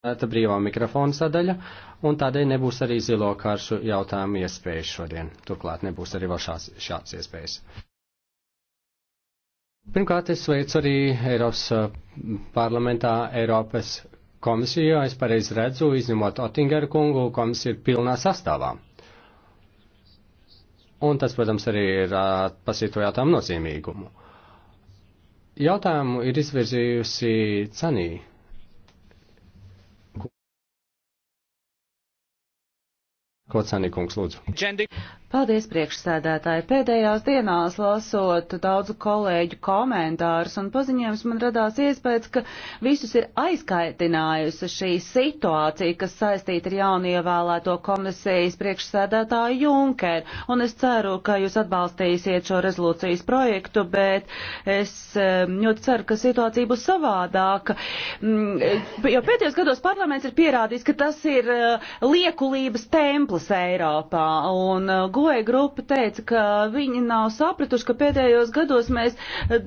Tā brīvā mikrofona sadaļa, un tādēļ nebūs arī zilo karšu jautājumu iespējas šodien. Turklāt nebūs arī vēl šāds, šāds iespējas. Pirmkārt, es sveicu arī Eiropas uh, parlamentā Eiropas komisiju, es pareizi redzu, izņemot Otingeru kungu, komisija ir pilnā sastāvā. Un tas, protams, arī ir uh, pasīto jautājumu nozīmīgumu. Jautājumu ir izvirzījusi Canī Kotsānī kungs, lūdzu. Džendik. Paldies, priekšsēdētāji. Pēdējās dienās lasot daudzu kolēģu komentārus un paziņojums, man radās iespējas, ka visus ir aizkaitinājusi šī situācija, kas saistīta ar jaunievēlēto komisijas priekšsēdētāju Junkeru. Un es ceru, ka jūs atbalstīsiet šo rezolūcijas projektu, bet es ļoti ceru, ka situācija būs savādāka. Mm, jo pēdējos gados parlaments ir pierādījis, ka tas ir eh, liekulības templis Eiropā. Un, eh, Goja grupa teica, ka viņi nav sapratuši, ka pēdējos gados mēs,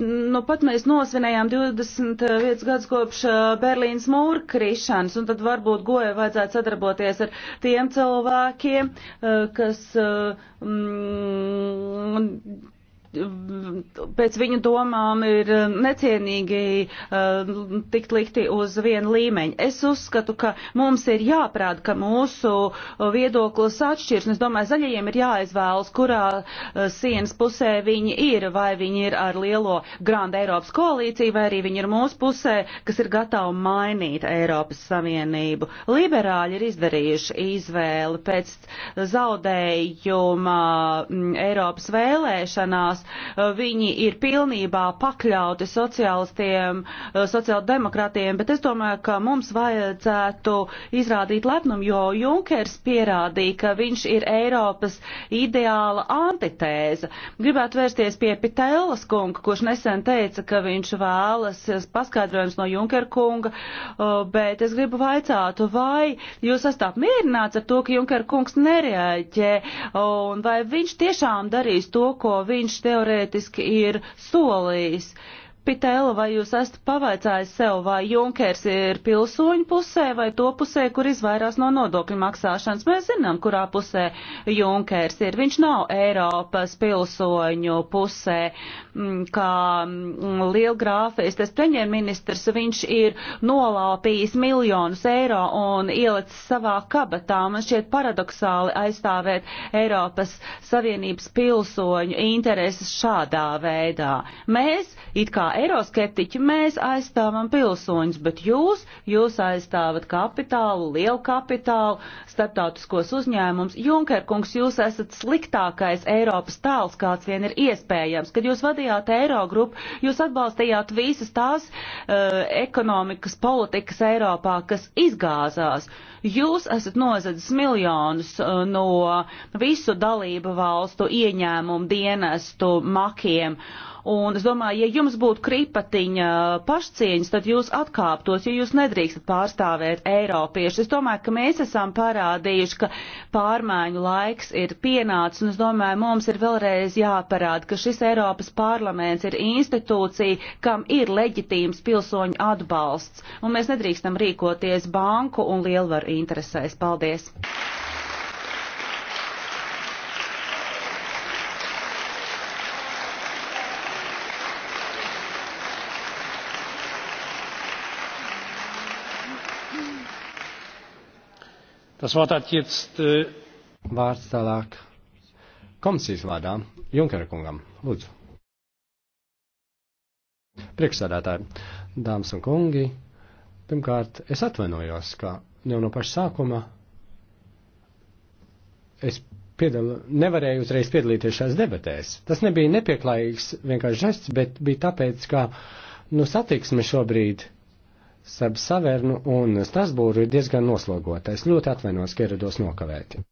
nu pat mēs nosvinējām 25 gadus kopš uh, Berlīnas mūra krišanas, un tad varbūt Goja vajadzētu sadarboties ar tiem cilvēkiem, uh, kas uh, mm, pēc viņu domām ir eh, necienīgi uh, tikt likti uz vienu līmeņu. Es uzskatu, ka mums ir jāprāda, ka mūsu viedoklis atšķirs. Es domāju, zaļajiem ir jāizvēlas, kurā uh, sienas pusē viņi ir, vai viņi ir ar lielo Grand Eiropas koalīciju, vai arī viņi ir mūsu pusē, kas ir gatavi mainīt Eiropas Savienību. Liberāļi ir izdarījuši izvēli pēc zaudējuma mm, Eiropas vēlēšanās kurās viņi ir pilnībā pakļauti sociālistiem, sociāldemokrātiem, bet es domāju, ka mums vajadzētu izrādīt lepnumu, jo Junkers pierādīja, ka viņš ir Eiropas ideāla antitēze. Gribētu vērsties pie Pitēlas kunga, kurš nesen teica, ka viņš vēlas paskaidrojums no Junkera kunga, bet es gribu vaicāt, vai jūs esat apmierināts ar to, ka Junkera kungs nereaģē un vai viņš tiešām darīs to, ko viņš te teorētiski ir solījis. Uh, Pitēla, vai jūs esat pavaicājis sev, vai Junkers ir pilsoņu pusē vai to pusē, kur izvairās no nodokļu maksāšanas? Mēs zinām, kurā pusē Junkers ir. Viņš nav Eiropas pilsoņu pusē, mm, kā mm, lielgrāfistes premjerministrs. Viņš ir nolāpījis miljonus eiro un ielicis savā kabatā. Man šķiet paradoxāli aizstāvēt Eiropas Savienības pilsoņu intereses šādā veidā. Mēs, it kā eiroskeptiķi mēs aizstāvam pilsoņus, bet jūs, jūs aizstāvat kapitālu, lielu kapitālu, starptautiskos uzņēmums. Junker kungs, jūs esat sliktākais Eiropas tāls, kāds vien ir iespējams. Kad jūs vadījāt Eirogrupu, jūs atbalstījāt visas tās uh, ekonomikas politikas Eiropā, kas izgāzās. Jūs esat nozadzis miljonus uh, no visu dalību valstu ieņēmumu dienestu makiem. Uh, Un es domāju, ja jums būtu kripatiņa pašcieņas, tad jūs atkāptos, jo jūs nedrīkstat pārstāvēt Eiropiešu. Es domāju, ka mēs esam parādījuši, ka pārmaiņu laiks ir pienācis, un es domāju, mums ir vēlreiz jāparāda, ka šis Eiropas parlaments ir institūcija, kam ir leģitīms pilsoņu atbalsts, un mēs nedrīkstam rīkoties banku un lielvaru interesēs. Paldies! Das Wort hat jetzt äh... vārds tālāk komisijas vārdā Junkera kungam. Lūdzu. Priekšsādātāji, dāmas un kungi, pirmkārt, es atvainojos, ka jau no paša sākuma es piedal, nevarēju uzreiz piedalīties šajās debatēs. Tas nebija nepieklājīgs vienkārši žests, bet bija tāpēc, ka, nu, satiksme šobrīd starp Savernu un Strasbūru ir diezgan noslogota. Es ļoti atvainos, ka ierados nokavēti.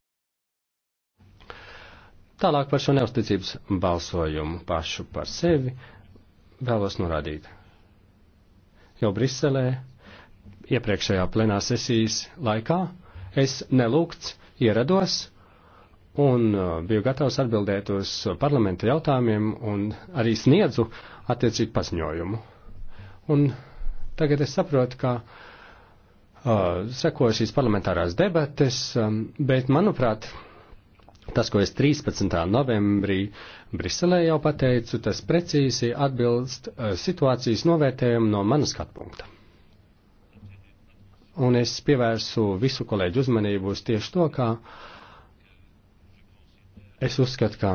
Tālāk par šo neusticības balsojumu pašu par sevi vēlos norādīt. Jau Briselē iepriekšējā plenā sesijas laikā es nelūgts ierados un uh, biju gatavs atbildēt uz parlamenta jautājumiem un arī sniedzu attiecīgi paziņojumu. Un Tagad es saprotu, ka uh, sekoja šīs parlamentārās debates, um, bet, manuprāt, tas, ko es 13. novembrī Briselē jau pateicu, tas precīzi atbilst uh, situācijas novērtējumu no manas skatu punkta. Un es pievērsu visu kolēģu uzmanību uz tieši to, ka es uzskatu, ka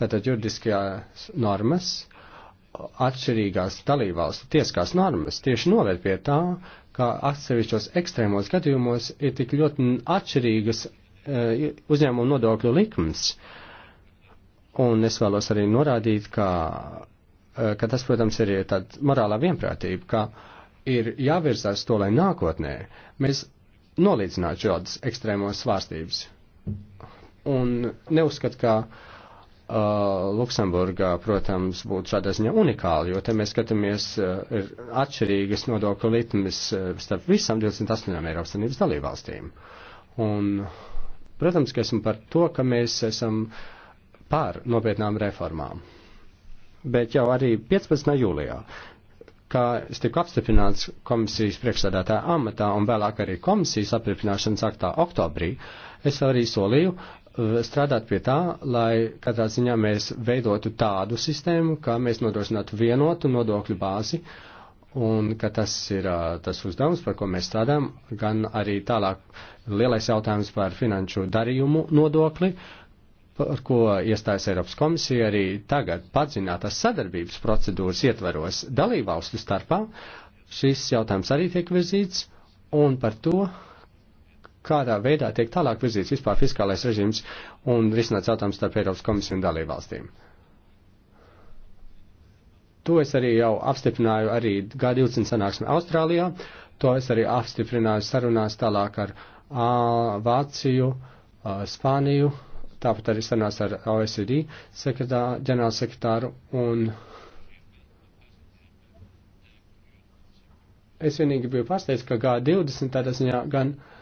tātad juridiskajās normas atšķirīgās dalībvalstu tieskās normas tieši noved pie tā, ka atsevišķos ekstrēmos gadījumos ir tik ļoti atšķirīgas eh, uzņēmumu nodokļu likmes. Un es vēlos arī norādīt, ka, eh, ka tas, protams, ir tāda morālā vienprātība, ka ir jāvirzās to, lai nākotnē mēs nolīdzinātu šādas ekstrēmos svārstības. Un neuzskat, ka uh, Uh, Luksemburgā, protams, būtu šādā ziņā unikāli, jo te mēs skatāmies, uh, ir atšķirīgas nodokļu litmes uh, starp visām 28 Eiropas Savienības dalībvalstīm. Un, protams, ka esmu par to, ka mēs esam pār nopietnām reformām. Bet jau arī 15. jūlijā, kā es tiku apstiprināts komisijas priekšsādātāja amatā un vēlāk arī komisijas apstiprināšanas aktā oktobrī, es arī solīju, Eh, strādāt pie tā, lai katrā ziņā mēs veidotu tādu sistēmu, kā mēs nodrošinātu vienotu nodokļu bāzi, un ka tas ir eh, tas uzdevums, par ko mēs strādājam, gan arī tālāk lielais jautājums par finanšu darījumu nodokli, par ko iestājas Eiropas komisija arī tagad padzinātas sadarbības procedūras ietveros dalībvalstu starpā. Šis jautājums arī tiek virzīts, un par to kādā veidā tiek tālāk virzīts vispār fiskālais režīms un risināts jautājums starp Eiropas komisiju un dalībvalstīm. To es arī jau apstiprināju arī G20 sanāksmē Austrālijā, to es arī apstiprināju sarunās tālāk ar a, Vāciju, a, Spāniju, tāpat arī sarunās ar OECD sekretā, ģenerālsekretāru un es vienīgi biju pārsteigts, ka G20 tādā ziņā gan. Uh,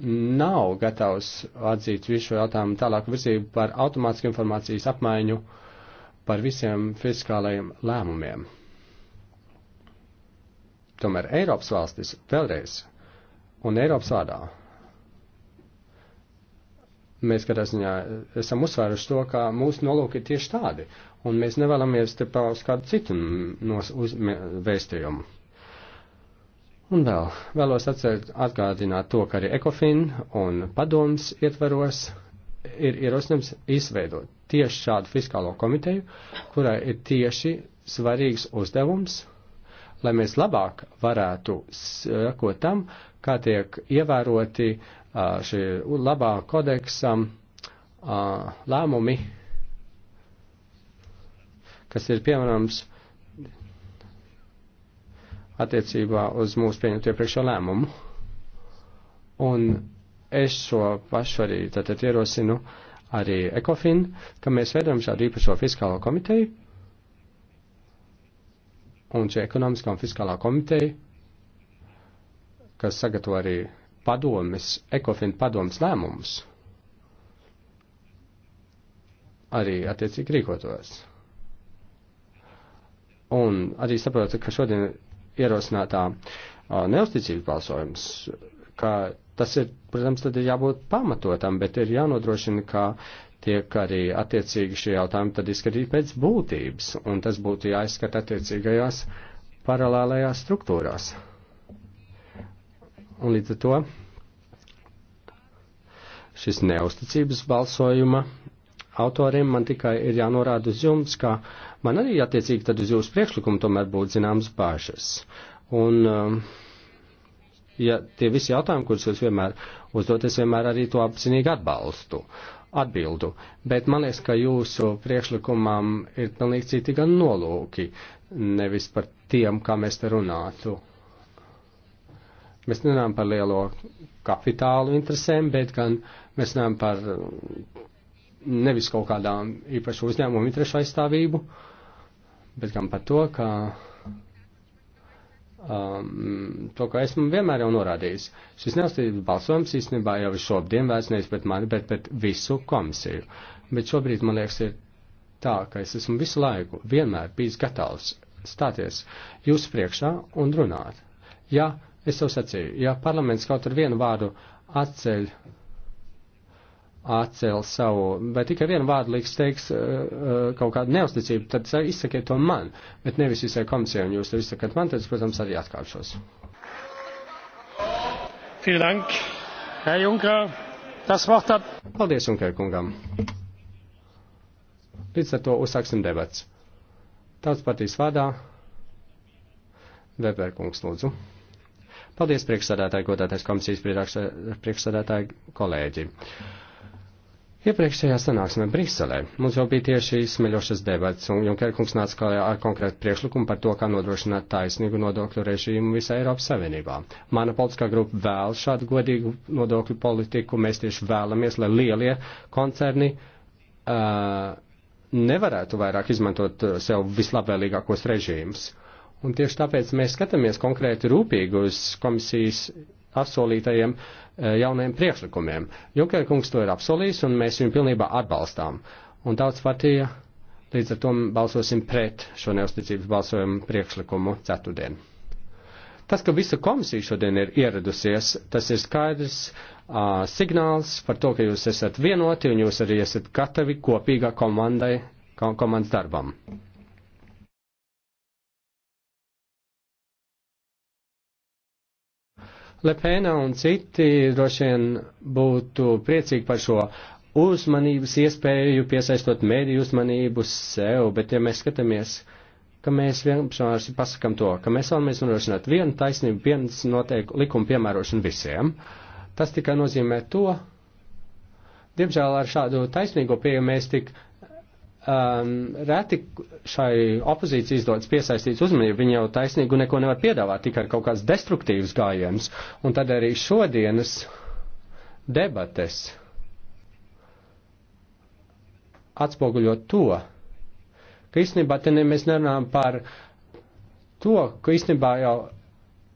nav gatavs atzīt visu šo jautājumu tālāku virzību par automātisku informācijas apmaiņu par visiem fiskālajiem lēmumiem. Tomēr Eiropas valstis vēlreiz un Eiropas vārdā. Mēs, kādā ziņā, esam uzsvēruši to, ka mūsu nolūki ir tieši tādi, un mēs nevēlamies te paust kādu citu nos, uz, vēstījumu. Un vēl vēlos atcelt, atgādināt to, ka arī ECOFIN un padoms ietveros ir ierosinājums izveidot tieši šādu fiskālo komiteju, kurai ir tieši svarīgs uzdevums, lai mēs labāk varētu sekot tam, kā tiek ievēroti šie labā kodeksa lēmumi, kas ir piemērams attiecībā uz mūsu pieņemto iepriekšējo lēmumu. Un es šo pašu arī tātad ierosinu arī ECOFIN, ka mēs veidojam šādu īpašo fiskālo komiteju. Un šī ekonomiskā un fiskālā komiteja, kas sagatavo arī padomis, ECOFIN padomis lēmumus, arī attiecīgi rīkotos. Un arī saprotu, ka šodien ierosinātā neusticības balsojums, ka tas ir, protams, tad ir jābūt pamatotam, bet ir jānodrošina, ka tiek arī attiecīgi šie jautājumi tad izskatīt pēc būtības, un tas būtu jāizskata attiecīgajās paralēlējās struktūrās. Un līdz ar to šis neusticības balsojuma autoriem man tikai ir jānorāda uz jums, ka uh, Man arī attiecīgi tad uz jūsu priekšlikumu tomēr būtu zināmas bāžas. Un, um, ja tie visi jautājumi, kurus jūs vienmēr uzdot, es vienmēr arī to apzinīgi atbalstu, atbildu. Bet man liekas, ka jūsu priekšlikumam ir pilnīgi citi gan nolūki, nevis par tiem, kā mēs te runātu. Mēs nerunājam par lielo kapitālu interesēm, bet gan mēs runājam par nevis kaut kādām īpašu uzņēmumu interesu aizstāvību, uh, bet gan par to, ka um, to, ko esmu vienmēr jau norādījis. Šis neustības balsojums īstenībā jau šobdien vairs nevis pret mani, bet pret visu komisiju. Bet šobrīd, man liekas, ir tā, ka es esmu visu laiku vienmēr bijis gatavs stāties jūsu priekšā un runāt. Ja es jau sacīju, ja parlaments kaut ar vienu vārdu atceļ atcēl savu, vai tikai vienu vārdu liks teiks eh, eh, kaut kādu neusticību, tad izsakiet to man, bet nevis visai komisijai, un jūs to izsakat man, tad es, protams, arī atkāpšos. Paldies, Junker kungam. Līdz ar to uzsāksim debats. Tautas partijas vārdā Weber kungs lūdzu. Paldies, priekšsādātāji, godātais komisijas priekšsādātāji, kolēģi. Uh, Iepriekšējā sanāksmē Briselē mums jau bija tieši izsmeļošas debats, un Junkera kungs nāca klājā ar konkrētu priekšlikumu par to, kā nodrošināt taisnīgu nodokļu režīmu visā Eiropas Savienībā. Mana politiskā grupa vēl šādu godīgu nodokļu politiku. Mēs tieši vēlamies, lai lielie koncerni uh, nevarētu vairāk izmantot sev vislabvēlīgākos režīmus. Un tieši tāpēc mēs skatāmies konkrēti rūpīgi uz komisijas apsolītajiem eh, jaunajiem priekšlikumiem. Junker kungs to ir apsolījis, un mēs viņu pilnībā atbalstām. Un tautas partija līdz ar to balsosim pret šo neusticības balsojumu priekšlikumu ceturtdien. Tas, ka visa komisija šodien ir ieradusies, tas ir skaidrs uh, signāls par to, ka jūs esat vienoti un jūs arī esat gatavi kopīgā komandai, komandas darbam. Lepēna un citi droši vien būtu priecīgi par šo uzmanības iespēju, piesaistot mēdīju uzmanību sev, bet ja mēs skatāmies, ka mēs vienkārši pasakam to, ka mēs vēlamies nodrošināt vienu taisnību, viens noteiktu likumu piemērošanu visiem, tas tikai nozīmē to, diemžēl ar šādu taisnīgo pieeju mēs tik um, reti šai opozīcijai izdodas piesaistīt uzmanību. Viņi jau taisnīgu neko nevar piedāvāt, tikai kaut kāds destruktīvs gājiens. Un tad arī šodienas debates atspoguļo to, ka īstenībā te ne, mēs nerunājam par to, ka īstenībā jau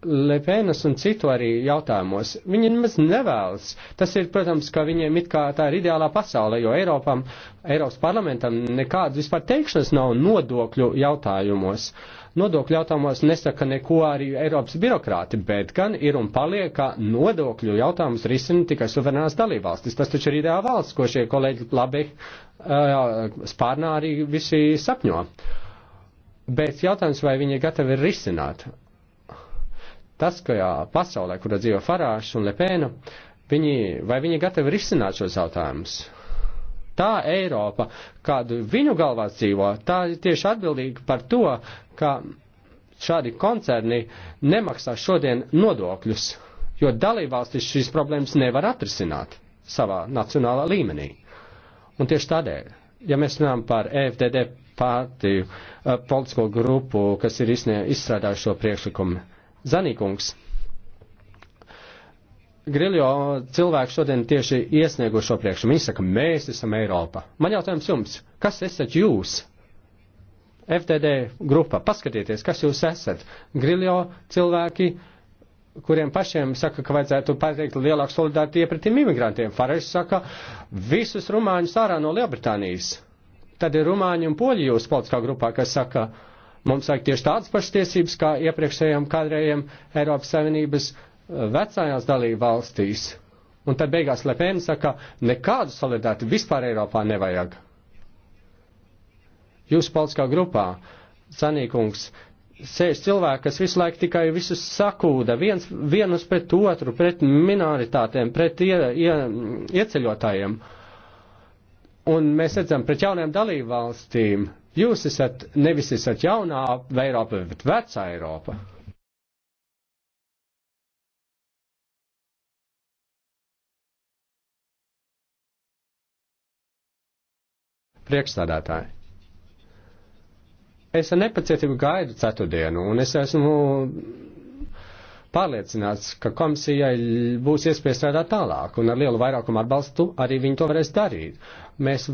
Lepenas un citu arī jautājumos. Viņi nemaz nevēlas. Tas ir, protams, ka viņiem it kā tā ir ideālā pasaule, jo Eiropam, Eiropas parlamentam nekādas vispār teikšanas nav nodokļu jautājumos. Nodokļu jautājumos nesaka neko arī Eiropas birokrāti, bet gan ir un paliek, ka nodokļu jautājumus risina tikai suverenās dalībvalstis. Tas taču ir ideāla valsts, ko šie kolēģi labi uh, spārnā arī visi sapņo. Bet jautājums, vai viņi gatavi risināt tas, ka jā, pasaulē, kurā dzīvo Farāšs un Lepēna, viņi, vai viņi ir gatavi risināt šos jautājumus? Tā Eiropa, kādu viņu galvās dzīvo, tā ir tieši atbildīga par to, ka šādi koncerni nemaksā šodien nodokļus, jo dalībvalstis šīs problēmas nevar atrisināt savā nacionālā līmenī. Un tieši tādēļ, ja mēs runājam par EFDD partiju, eh, politisko grupu, kas ir izstrādājuši šo priekšlikumu, Zanīkungs. Griljo cilvēku šodien tieši iesniegu šo priekšumu. Viņš saka, mēs esam Eiropa. Man jautājums jums, kas esat jūs? FTD grupa, paskatieties, kas jūs esat. Griljo cilvēki, kuriem pašiem saka, ka vajadzētu pateikt lielāku solidaritāti iepratim imigrantiem. Farage saka, visus rumāņus ārā no Lielbritānijas. Tad ir rumāņi un poļi jūsu politiskā grupā, kas saka, uh, Mums vajag tieši tādas pašas tiesības kā iepriekšējiem kādreiem Eiropas Savienības eh, vecajās dalību valstīs. Un tad beigās Lepēna saka, nekādu solidaritāti vispār Eiropā nevajag. Jūsu politiskā grupā, Sanīkungs, sēž cilvēki, kas visu laiku tikai visus sakūda, viens, vienus pret otru, pret minoritātēm, pret ie, ie, ieceļotājiem. Un mēs redzam, pret jauniem dalībvalstīm Jūs esat nevis esat jaunā Eiropa, bet vecā Eiropa. Priekšstādātāji. Es ar nepacietību gaidu ceturtdienu, un es esmu pārliecināts, ka komisijai būs iespēja strādāt tālāk, un ar lielu vairākumu atbalstu arī viņi to varēs darīt. Mēs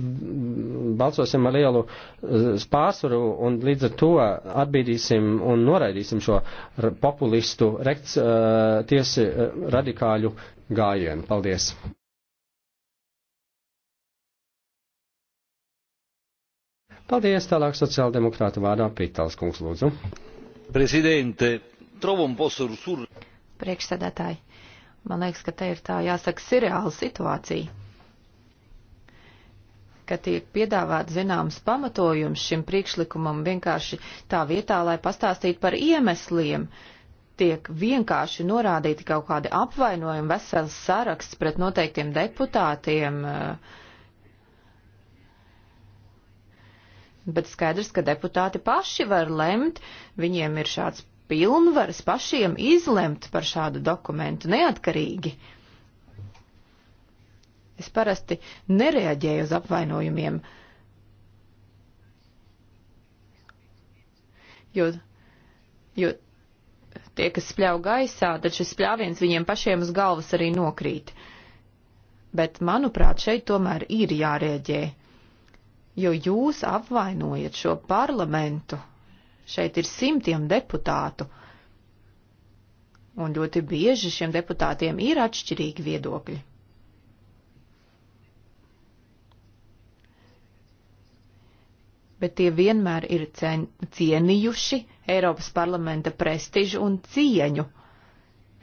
balsosim ar lielu eh, pārsvaru un līdz ar to atbīdīsim un noraidīsim šo populistu rekts, uh, eh, tiesi uh, radikāļu gājienu. Paldies! Paldies, tālāk sociāldemokrāta vārdā Pītāls kungs lūdzu. Prezidente, trovo un po' sursur. Priekšsēdētāji, man liekas, ka te ir tā jāsaka seriāla situācija, ka tiek piedāvāt zināms pamatojums šim priekšlikumam vienkārši tā vietā, lai pastāstītu par iemesliem, tiek vienkārši norādīti kaut kādi apvainojumi, vesels saraksts pret noteiktiem deputātiem. Eh, bet skaidrs, ka deputāti paši var lemt, viņiem ir šāds pilnvaras pašiem izlemt par šādu dokumentu neatkarīgi. Es parasti nereaģēju uz apvainojumiem, jo, jo tie, kas spļauj gaisā, tad šis spļāviens viņiem pašiem uz galvas arī nokrīt. Bet, manuprāt, šeit tomēr ir jārēģē, jo jūs apvainojat šo parlamentu Šeit ir simtiem deputātu, un ļoti bieži šiem deputātiem ir atšķirīgi viedokļi. Bet tie vienmēr ir cienījuši Eiropas parlamenta prestižu un cieņu.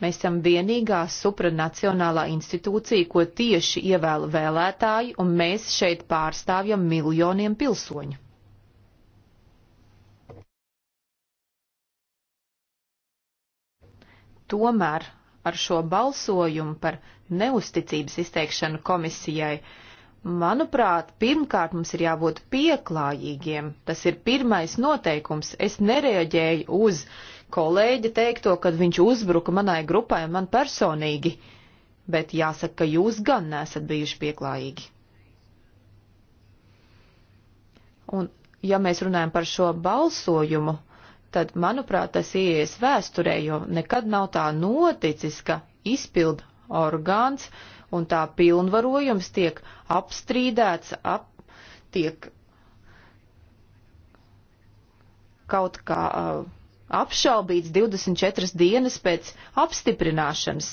Mēs esam vienīgā supranacionālā institūcija, ko tieši ievēl vēlētāji, un mēs šeit pārstāvjam miljoniem pilsoņu. tomēr ar šo balsojumu par neusticības izteikšanu komisijai, manuprāt, pirmkārt mums ir jābūt pieklājīgiem. Tas ir pirmais noteikums. Es nereaģēju uz kolēģi teikto, kad viņš uzbruka manai grupai un man personīgi, bet jāsaka, ka jūs gan nesat bijuši pieklājīgi. Un, ja mēs runājam par šo balsojumu, tad, manuprāt, tas ieies vēsturē, jo nekad nav tā noticis, ka izpild orgāns un tā pilnvarojums tiek apstrīdēts, ap, tiek kaut kā uh, apšaubīts 24 dienas pēc apstiprināšanas.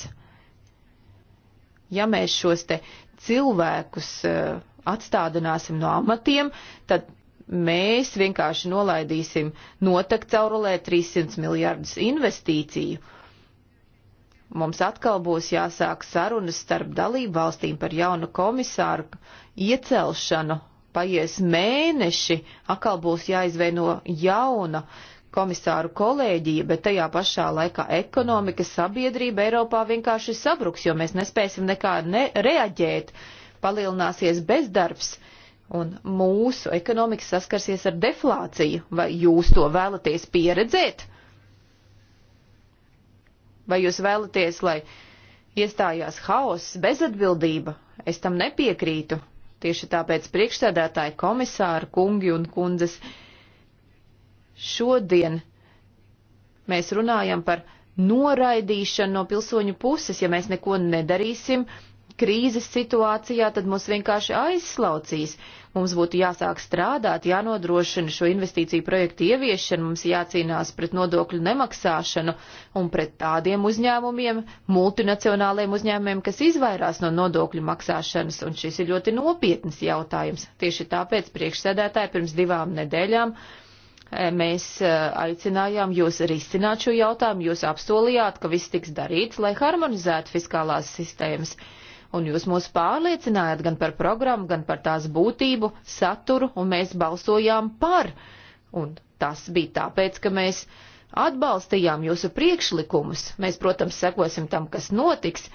Ja mēs šos te cilvēkus uh, atstādināsim no amatiem, tad mēs vienkārši nolaidīsim notek caurulē 300 e miljardus investīciju. Mums atkal būs jāsāk sarunas starp dalību valstīm par jaunu komisāru iecelšanu. Paies mēneši, atkal būs jāizveino jauna komisāru kolēģija, bet tajā pašā laikā ekonomika, sabiedrība Eiropā vienkārši sabruks, jo mēs nespēsim nekā ne reaģēt, palielināsies bezdarbs un mūsu ekonomika saskarsies ar deflāciju. Vai jūs to vēlaties pieredzēt? Vai jūs vēlaties, lai iestājās haoss, bezatbildība? Es tam nepiekrītu. Tieši tāpēc priekšstādātāji komisāri, kungi un kundzes, šodien mēs runājam par noraidīšanu no pilsoņu puses, ja mēs neko nedarīsim, uh, krīzes situācijā, tad mūs vienkārši aizslaucīs. Mums būtu jāsāk strādāt, jānodrošina šo investīciju projektu ieviešanu, mums jācīnās pret nodokļu nemaksāšanu un pret tādiem uzņēmumiem, multinacionāliem uzņēmumiem, kas izvairās no nodokļu maksāšanas, un šis ir ļoti nopietnas jautājums. Tieši tāpēc priekšsēdētāji pirms divām nedēļām eh, mēs eh, aicinājām jūs risināt šo jautājumu, jūs apsolījāt, ka viss tiks darīts, lai harmonizētu fiskālās sistēmas un jūs mūs pārliecinājāt gan par programmu, gan par tās būtību, saturu, un mēs balsojām par. Un tas bija tāpēc, ka mēs atbalstījām jūsu priekšlikumus. Mēs, protams, sekosim tam, kas notiks,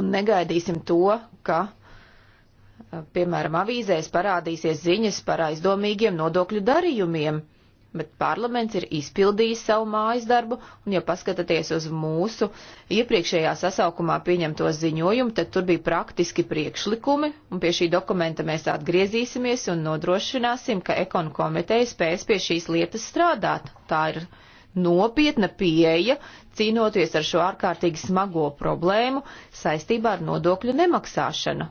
un negaidīsim to, ka, piemēram, avīzēs parādīsies ziņas par aizdomīgiem nodokļu darījumiem bet parlaments ir izpildījis savu mājas darbu, un ja paskatāties uz mūsu iepriekšējā sasaukumā pieņemto ziņojumu, tad tur bija praktiski priekšlikumi, un pie šī dokumenta mēs atgriezīsimies un nodrošināsim, ka ekonu komiteja spēs pie šīs lietas strādāt. Tā ir nopietna pieeja cīnoties ar šo ārkārtīgi smago problēmu saistībā ar nodokļu nemaksāšanu.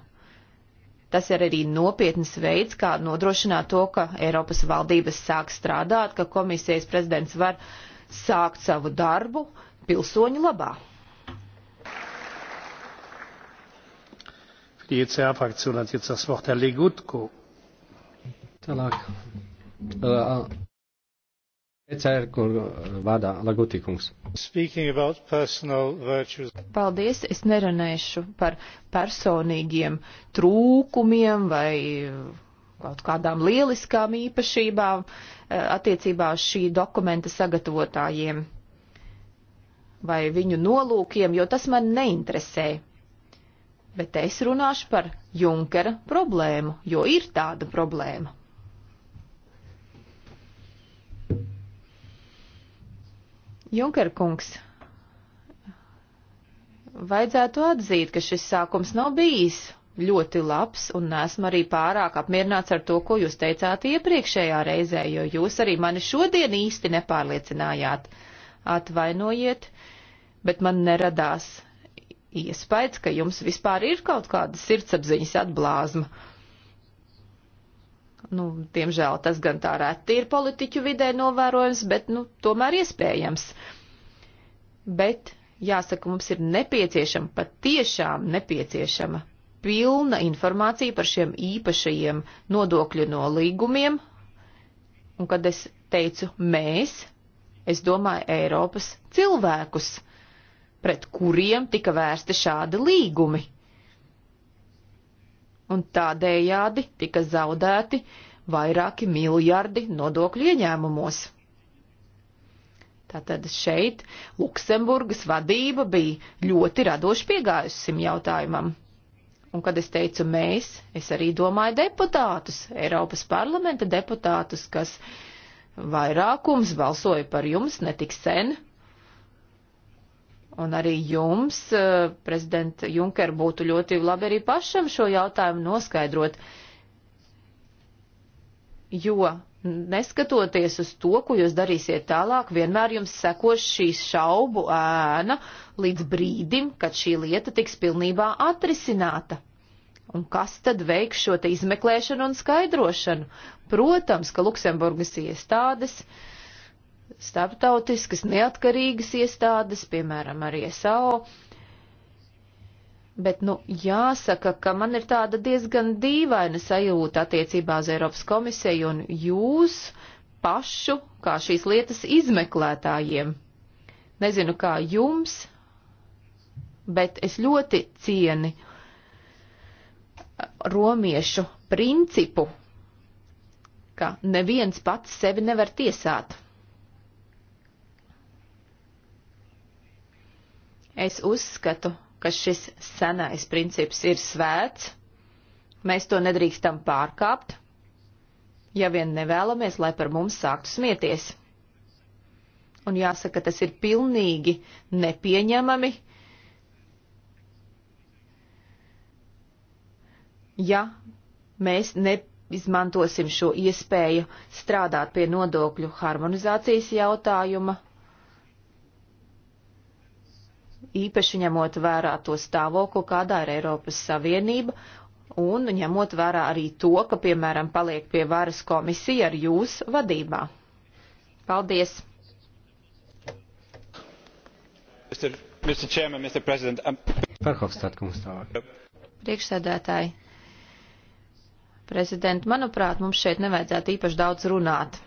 Tas ir arī nopietnas veids, kā nodrošināt to, ka Eiropas valdības sāk strādāt, ka komisijas prezidents var sākt savu darbu pilsoņu labā. E Tālāk. ECR, kur vada Lagutīkungs. Paldies, es nerunēšu par personīgiem trūkumiem vai kaut kādām lieliskām īpašībām eh, attiecībā uz šī dokumenta sagatavotājiem vai viņu nolūkiem, jo tas man neinteresē. Bet es runāšu par Junkera problēmu, jo ir tāda problēma. Junker kungs, vajadzētu atzīt, ka šis sākums nav bijis ļoti labs, un esmu arī pārāk apmierināts ar to, ko jūs teicāt iepriekšējā reizē, jo jūs arī mani šodien īsti nepārliecinājāt. Atvainojiet, bet man neradās iespējas, ka jums vispār ir kaut kāda sirdsapziņas atblāzma. Nu, diemžēl tas gan tā reti ir politiķu vidē novērojams, bet, nu, tomēr iespējams. Bet, jāsaka, mums ir nepieciešama, pat tiešām nepieciešama pilna informācija par šiem īpašajiem nodokļu nolīgumiem. Un, kad es teicu mēs, es domāju Eiropas cilvēkus, pret kuriem tika vērsti šādi līgumi un tādējādi tika zaudēti vairāki miljardi nodokļu ieņēmumos. Tātad šeit Luksemburgas vadība bija ļoti radoši piegājusi šim jautājumam. Un, kad es teicu mēs, es arī domāju deputātus, Eiropas parlamenta deputātus, kas vairākums balsoja par jums netik sen, Un arī jums, eh, prezident Junker, būtu ļoti labi arī pašam šo jautājumu noskaidrot, jo neskatoties uz to, ko jūs darīsiet tālāk, vienmēr jums sekos šīs šaubu ēna līdz brīdim, kad šī lieta tiks pilnībā atrisināta. Un kas tad veiks šo te izmeklēšanu un skaidrošanu? Protams, ka Luksemburgas iestādes. Uh, starptautiskas neatkarīgas iestādes, piemēram, arī SAO. Bet, nu, jāsaka, ka man ir tāda diezgan dīvaina sajūta attiecībā uz Eiropas komisiju un jūs pašu kā šīs lietas izmeklētājiem. Nezinu, kā jums, bet es ļoti cieni romiešu principu, ka neviens pats sevi nevar tiesāt. Es uzskatu, ka šis senais princips ir svēts. Mēs to nedrīkstam pārkāpt, ja vien nevēlamies, lai par mums sāktu smieties. Un jāsaka, tas ir pilnīgi nepieņemami, ja mēs neizmantosim šo iespēju strādāt pie nodokļu harmonizācijas jautājuma īpaši ņemot vērā to stāvokli, kādā ir Eiropas Savienība, un ņemot vērā arī to, ka, piemēram, paliek pie varas komisija ar jūs vadībā. Paldies! Mr. Mr. Chairman, Mr. President, um... Parhovstāt, kungs tālāk. Priekšsēdētāji, prezident, manuprāt, mums šeit nevajadzētu īpaši daudz runāt,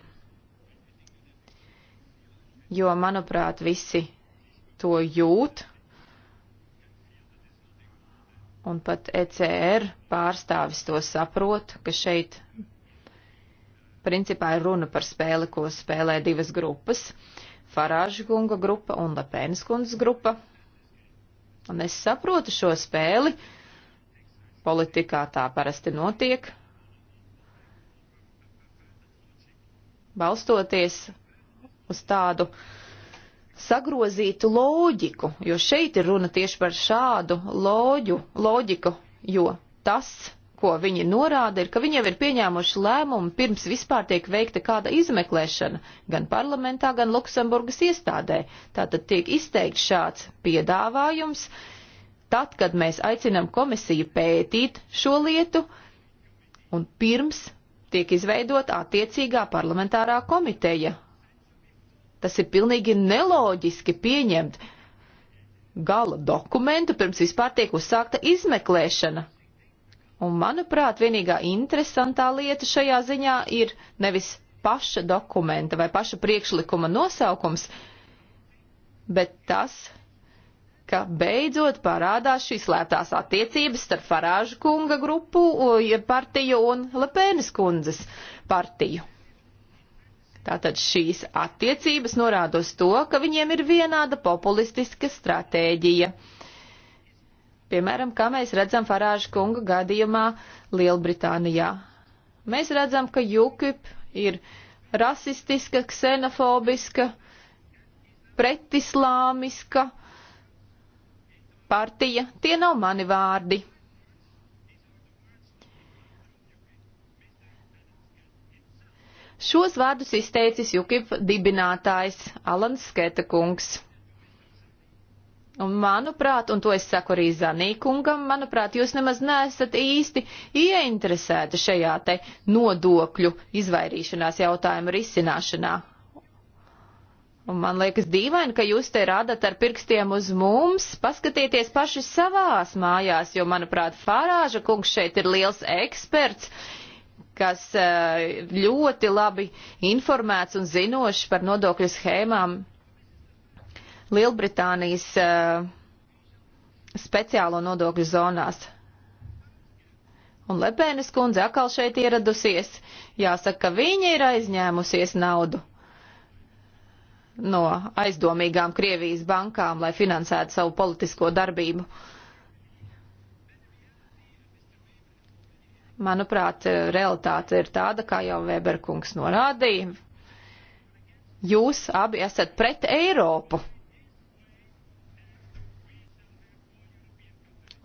jo, manuprāt, visi to jūt. Un pat ECR pārstāvis to saprot, ka šeit principā ir runa par spēli, ko spēlē divas grupas - Farāža kunga grupa un Lepēnas kundzes grupa. Un es saprotu šo spēli, politikā tā parasti notiek, balstoties uz tādu uh, sagrozītu loģiku, jo šeit ir runa tieši par šādu loģu, loģiku, jo tas, ko viņi norāda, ir, ka viņi jau ir pieņēmuši lēmumu pirms vispār tiek veikta kāda izmeklēšana gan parlamentā, gan Luksemburgas iestādē. Tātad tiek izteikts šāds piedāvājums. Tad, kad mēs aicinam komisiju pētīt šo lietu, un pirms tiek izveidota attiecīgā parlamentārā komiteja, Tas ir pilnīgi neloģiski pieņemt gala dokumentu, pirms vispār tiek uzsākta izmeklēšana. Un, manuprāt, vienīgā interesantā lieta šajā ziņā ir nevis paša dokumenta vai paša priekšlikuma nosaukums, bet tas, ka beidzot parādās šīs lētās attiecības starp Farāžu kunga grupu, partiju un Lepēnas kundzes partiju. Tātad šīs attiecības norāda uz to, ka viņiem ir vienāda populistiska stratēģija. Piemēram, kā mēs redzam Farāža kunga gadījumā Lielbritānijā. Mēs redzam, ka UKIP ir rasistiska, ksenofobiska, pretislāmiska partija. Tie nav mani vārdi. Šos vārdus izteicis UKIP dibinātājs Alans Sketa kungs. Un manuprāt, un to es saku arī Zanīkungam, manuprāt, jūs nemaz neesat īsti ieinteresēti šajā te nodokļu izvairīšanās jautājumu risināšanā. Un man liekas dīvaini, ka jūs te rādat ar pirkstiem uz mums. Paskatieties paši savās mājās, jo, manuprāt, Fārāža kungs šeit ir liels eksperts kas eh, ļoti labi informēts un zinošs par nodokļu schēmām. Lielbritānijas eh, speciālo nodokļu zonās. Un Lepēnes kundze atkal šeit ieradusies. Jāsaka, ka viņa ir aizņēmusies naudu no aizdomīgām Krievijas bankām, lai finansētu savu politisko darbību. Uh, Manuprāt, realitāte ir tāda, kā jau Weberkungs norādīja. Jūs abi esat pret Eiropu.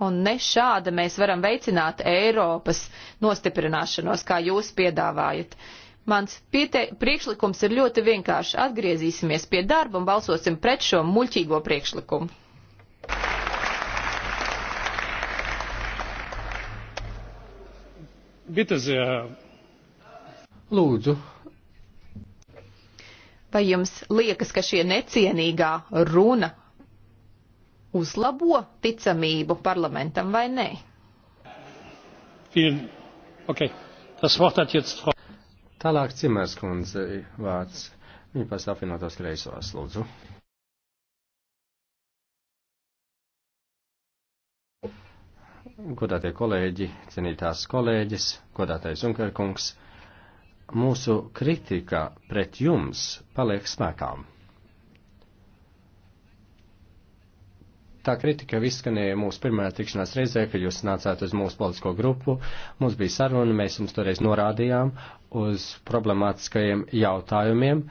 Un ne šāda mēs varam veicināt Eiropas nostiprināšanos, kā jūs piedāvājat. Mans piete, priekšlikums ir ļoti vienkārši. Atgriezīsimies pie darba un balsosim pret šo muļķīgo priekšlikumu. Bitte sehr. Lūdzu. Vai jums liekas, ka šie necienīgā runa uzlabo ticamību parlamentam vai nē? Vielen. Okay. Das Wort hat jetzt Frau. Tālāk Cimers kundze vārds. Viņa pēc apvienotās kreisās, lūdzu. godātie kolēģi, cienītās kolēģis, godātais Junkerkungs, mūsu kritika pret jums paliek spēkām. tā kritika izskanēja mūsu pirmajā tikšanās reizē, kad jūs nācāt uz mūsu politisko grupu. Mums bija saruna, mēs jums toreiz norādījām uz problemātiskajiem jautājumiem,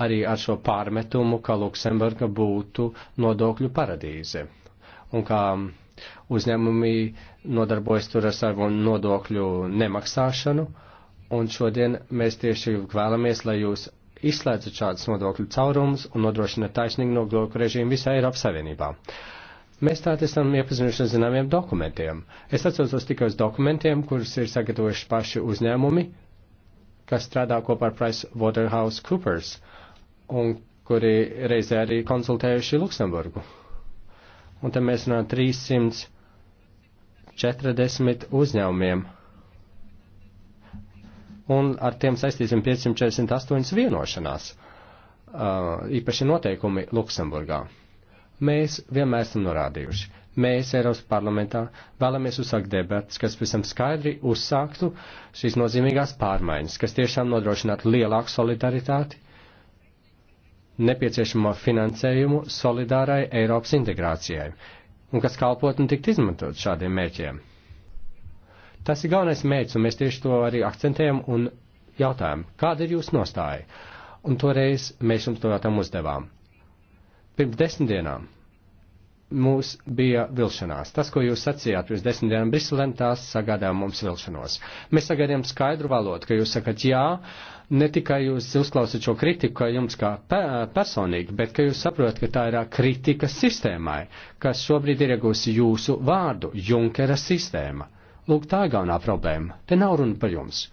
arī ar šo pārmetumu, ka Luksemburga būtu nodokļu paradīze. Un kā Uzņēmumi nodarbojas tur ar savu nodokļu nemaksāšanu, un šodien mēs tieši vēlamies, lai jūs izslēdzat šādus nodokļu caurumus un nodrošināt taisnīgu nodokļu režīmu visā Eiropas Savienībā. Mēs tātad esam iepazinuši ar zināmiem dokumentiem. Es atcaucos tikai uz dokumentiem, kurus ir sagatavojuši paši uzņēmumi, kas strādā kopā ar Price Waterhouse Coopers, un kuri reizē arī konsultējuši Luksemburgu un te mēs runājam 340 uzņēmumiem. Un ar tiem saistīsim 548 vienošanās, uh, īpaši noteikumi Luksemburgā. Mēs vienmēr esam norādījuši, mēs Eiropas parlamentā vēlamies uzsākt debatas, kas visam skaidri uzsāktu šīs nozīmīgās pārmaiņas, kas tiešām nodrošinātu lielāku solidaritāti nepieciešamo finansējumu solidārai Eiropas integrācijai, un kas kalpot un tikt izmantot šādiem mērķiem. Tas ir galvenais mērķis, un mēs tieši to arī akcentējam un jautājam, kāda ir jūsu nostāja? Un toreiz mēs jums to jautājumu uzdevām. Pirms desmit dienām mums bija vilšanās. Tas, ko jūs sacījāt pirms desmit dienām Briselēm, tās sagādāja mums vilšanos. Mēs sagaidījām skaidru valodu, ka jūs sakat jā, ne tikai jūs uzklausat šo kritiku, ka jums kā pe personīgi, bet ka jūs saprotat, ka tā ir kritika sistēmai, kas šobrīd ir iegūsi jūsu vārdu, Junkera sistēma. Lūk, tā ir galvenā problēma. Te nav runa par jums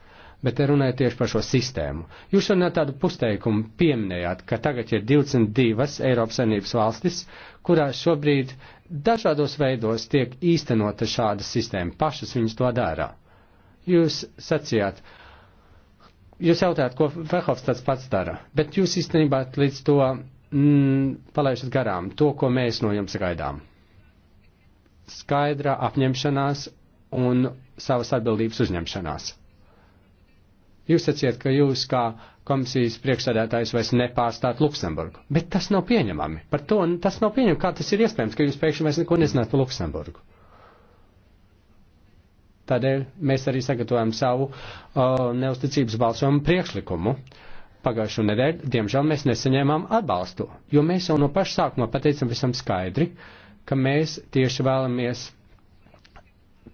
bet runāja tieši par šo sistēmu. Jūs runājat tādu pusteikumu pieminējāt, ka tagad ir 22 Eiropas Savienības valstis, kurā šobrīd dažādos veidos tiek īstenota šāda sistēma. Pašas viņas to dara. Jūs sacījāt, jūs jautājat, ko Verhofstads pats dara, bet jūs īstenībā līdz to mm, palaišat garām, to, ko mēs no jums gaidām. Skaidra apņemšanās un savas atbildības uzņemšanās. Jūs sacījat, ka jūs kā komisijas priekšsēdētājs vairs nepārstāt Luksemburgu, bet tas nav pieņemami. Par to tas nav pieņemami. Kā tas ir iespējams, ka jūs pēkšņi vairs neko nezināt par Luksemburgu? Tādēļ mēs arī sagatavojam savu uh, neusticības balsojumu priekšlikumu. Pagājušo nedēļu, diemžēl, mēs nesaņēmām atbalstu, jo mēs jau no paša sākuma pateicam visam skaidri, ka mēs tieši vēlamies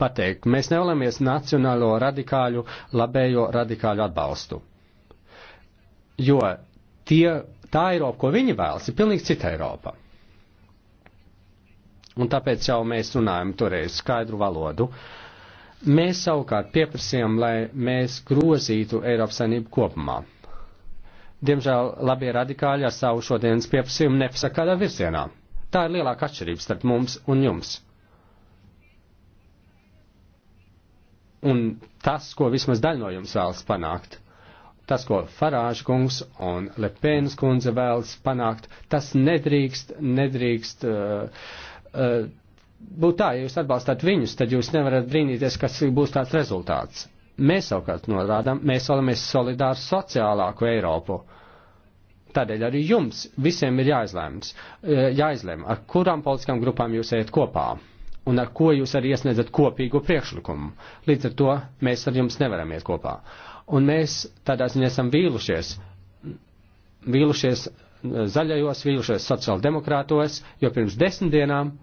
pateikt, mēs nevēlamies nacionālo radikāļu, labējo radikāļu atbalstu. Jo tie, tā Eiropa, ko viņi vēlas, ir pilnīgi cita Eiropa. Un tāpēc jau mēs runājam toreiz skaidru valodu. Mēs savukārt pieprasījām, lai mēs grozītu Eiropas saimnību kopumā. Diemžēl labie radikāļi ar savu šodienas pieprasījumu nepasaka kādā virzienā. Tā ir lielāka atšķirība starp mums un jums. un tas, ko vismaz daļa no jums vēlas panākt, tas, ko Farāža kungs un Lepēnas kundze vēlas panākt, tas nedrīkst, nedrīkst uh, uh, būt tā, ja jūs atbalstāt viņus, tad jūs nevarat brīnīties, kas būs tāds rezultāts. Mēs savukārt norādām, mēs vēlamies solidāru sociālāku Eiropu. Tādēļ arī jums visiem ir jāizlēms, uh, jāizlēm, ar kurām politiskām grupām jūs ejat kopā un ar ko jūs arī iesniedzat kopīgu priekšlikumu. Līdz ar to mēs ar jums nevaram iet kopā. Un mēs tādā ziņā esam vīlušies, vīlušies eh, zaļajos, vīlušies sociāldemokrātos, jo pirms desmit dienām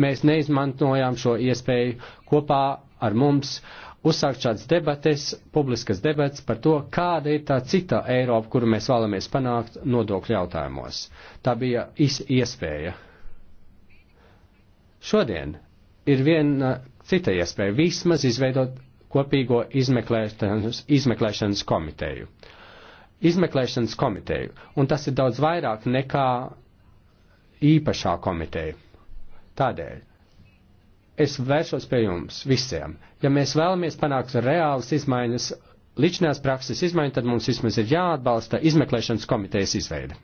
mēs neizmantojām šo iespēju kopā ar mums uzsākt šāds debates, publiskas debates par to, kāda ir tā cita Eiropa, kuru mēs vēlamies panākt nodokļu jautājumos. Tā bija iespēja. Šodien ir viena cita iespēja - vismaz izveidot kopīgo izmeklēšanas, izmeklēšanas komiteju. Izmeklēšanas komiteju, un tas ir daudz vairāk nekā īpašā komiteja. Tādēļ es vēršos pie jums visiem. Ja mēs vēlamies panākt reālas izmaiņas, ličinās prakses izmaiņas, tad mums vismaz ir jāatbalsta izmeklēšanas komitejas izveide.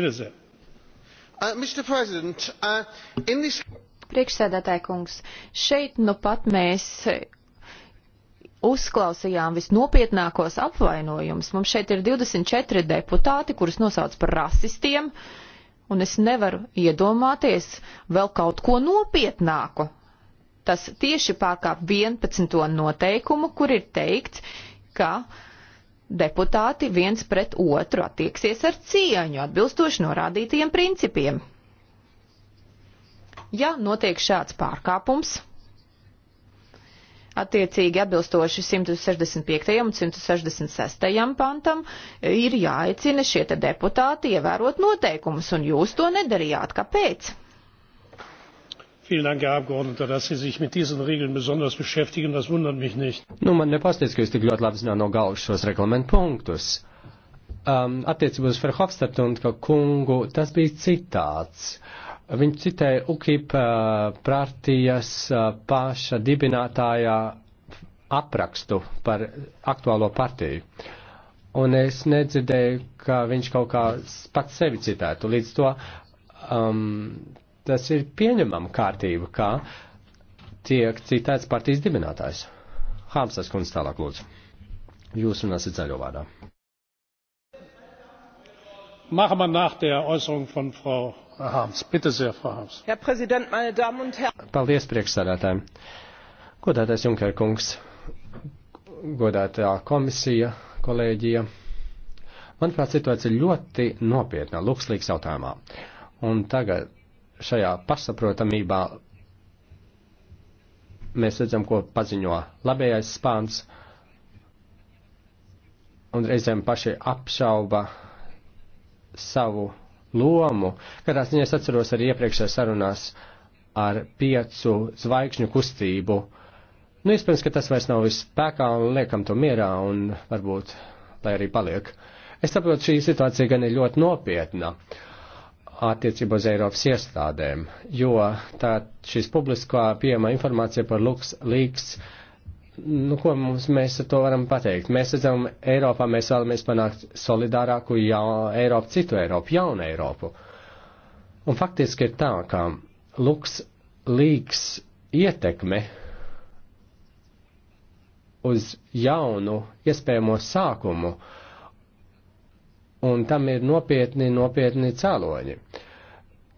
Bitte uh, Mr. President, uh, in this... Priekšsēdētāji kungs, šeit nu pat mēs uzklausījām visnopietnākos apvainojumus. Mums šeit ir 24 deputāti, kurus nosauc par rasistiem, un es nevaru iedomāties vēl kaut ko nopietnāku. Tas tieši pārkāp 11. noteikumu, kur ir teikts, ka uh, deputāti viens pret otru attieksies ar cieņu atbilstoši norādītajiem principiem. Ja notiek šāds pārkāpums, attiecīgi atbilstoši 165. un 166. pantam ir jāicina šie deputāti ievērot noteikumus, un jūs to nedarījāt. Kāpēc? Vielen Dank, Herr Abgeordneter, dass Sie sich mit diesen Regeln besonders beschäftigen. Das wundert mich nicht. Nu, man nepārsteidz, ka jūs tik ļoti labi zināt no galvas šos reglamentu punktus. Um, attiecībā uz Ferhofstadtu un ka kungu tas bija citāts. Viņš citēja UKIP uh, partijas uh, paša dibinātājā aprakstu par aktuālo partiju. Un es nedzirdēju, ka viņš kaut kā pats sevi citētu. Līdz to um, tas ir pieņemama kārtība, kā tiek citēts partijas dibinātājs. Hāmsas kundze tālāk lūdzu. Jūs runāsiet zaļo vārdā. Machen wir nach der Äußerung von Frau Harms. Bitte sehr, Frau Harms. Herr Präsident, meine Damen und Herren. Paldies, priekšsēdētājiem. Godātais Junker kungs, godātā komisija, kolēģija. Manuprāt, situācija ļoti nopietna Lukslīgas jautājumā. Un tagad šajā pašsaprotamībā mēs redzam, ko paziņo labējais spāns, un reizēm paši apšauba savu lomu. Katrā ziņā es atceros arī iepriekšējās sarunās ar piecu zvaigžņu kustību. Nu, iespējams, ka tas vairs nav viss spēkā un liekam to mierā un varbūt, lai arī paliek. Es saprotu, šī situācija gan ir ļoti nopietna. Uh, attiecībā uz Eiropas iestādēm, jo tā šis publiskā pieejama informācija par LuxLeaks, nu, ko mums, mēs ar to varam pateikt? Mēs redzam, Eiropā mēs vēlamies panākt solidārāku ja, Eiropu, citu Eiropu, jaunu Eiropu. Un faktiski ir tā, ka LuxLeaks ietekme uz jaunu iespējamo sākumu uh, un tam ir nopietni, nopietni cēloņi.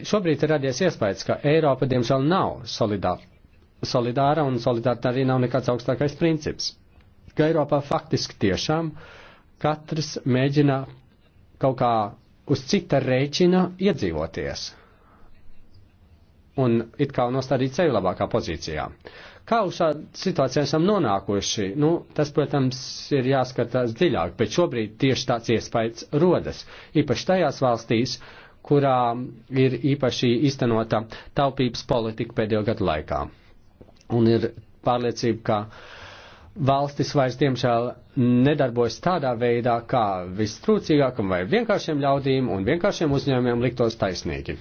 Šobrīd ir radies iespējas, ka Eiropa, diemžēl, nav solidāra, solidāra un solidārta arī nav nekāds augstākais princips. Ka Eiropā faktiski tiešām katrs mēģina kaut kā uz cita rēķina iedzīvoties un it kā nostādīt sevi labākā pozīcijā. Kā uz šādu situāciju esam nonākuši? Nu, tas, protams, ir jāskatās dziļāk, bet šobrīd tieši tāds iespējas rodas. Īpaši tajās valstīs, kurā ir īpaši iztenota taupības politika pēdējo gadu laikā. Un ir pārliecība, ka valstis vairs, diemžēl, nedarbojas tādā veidā, kā vistrūcīgākam vai vienkāršiem ļaudīm un vienkāršiem uzņēmumiem liktos taisnīgi.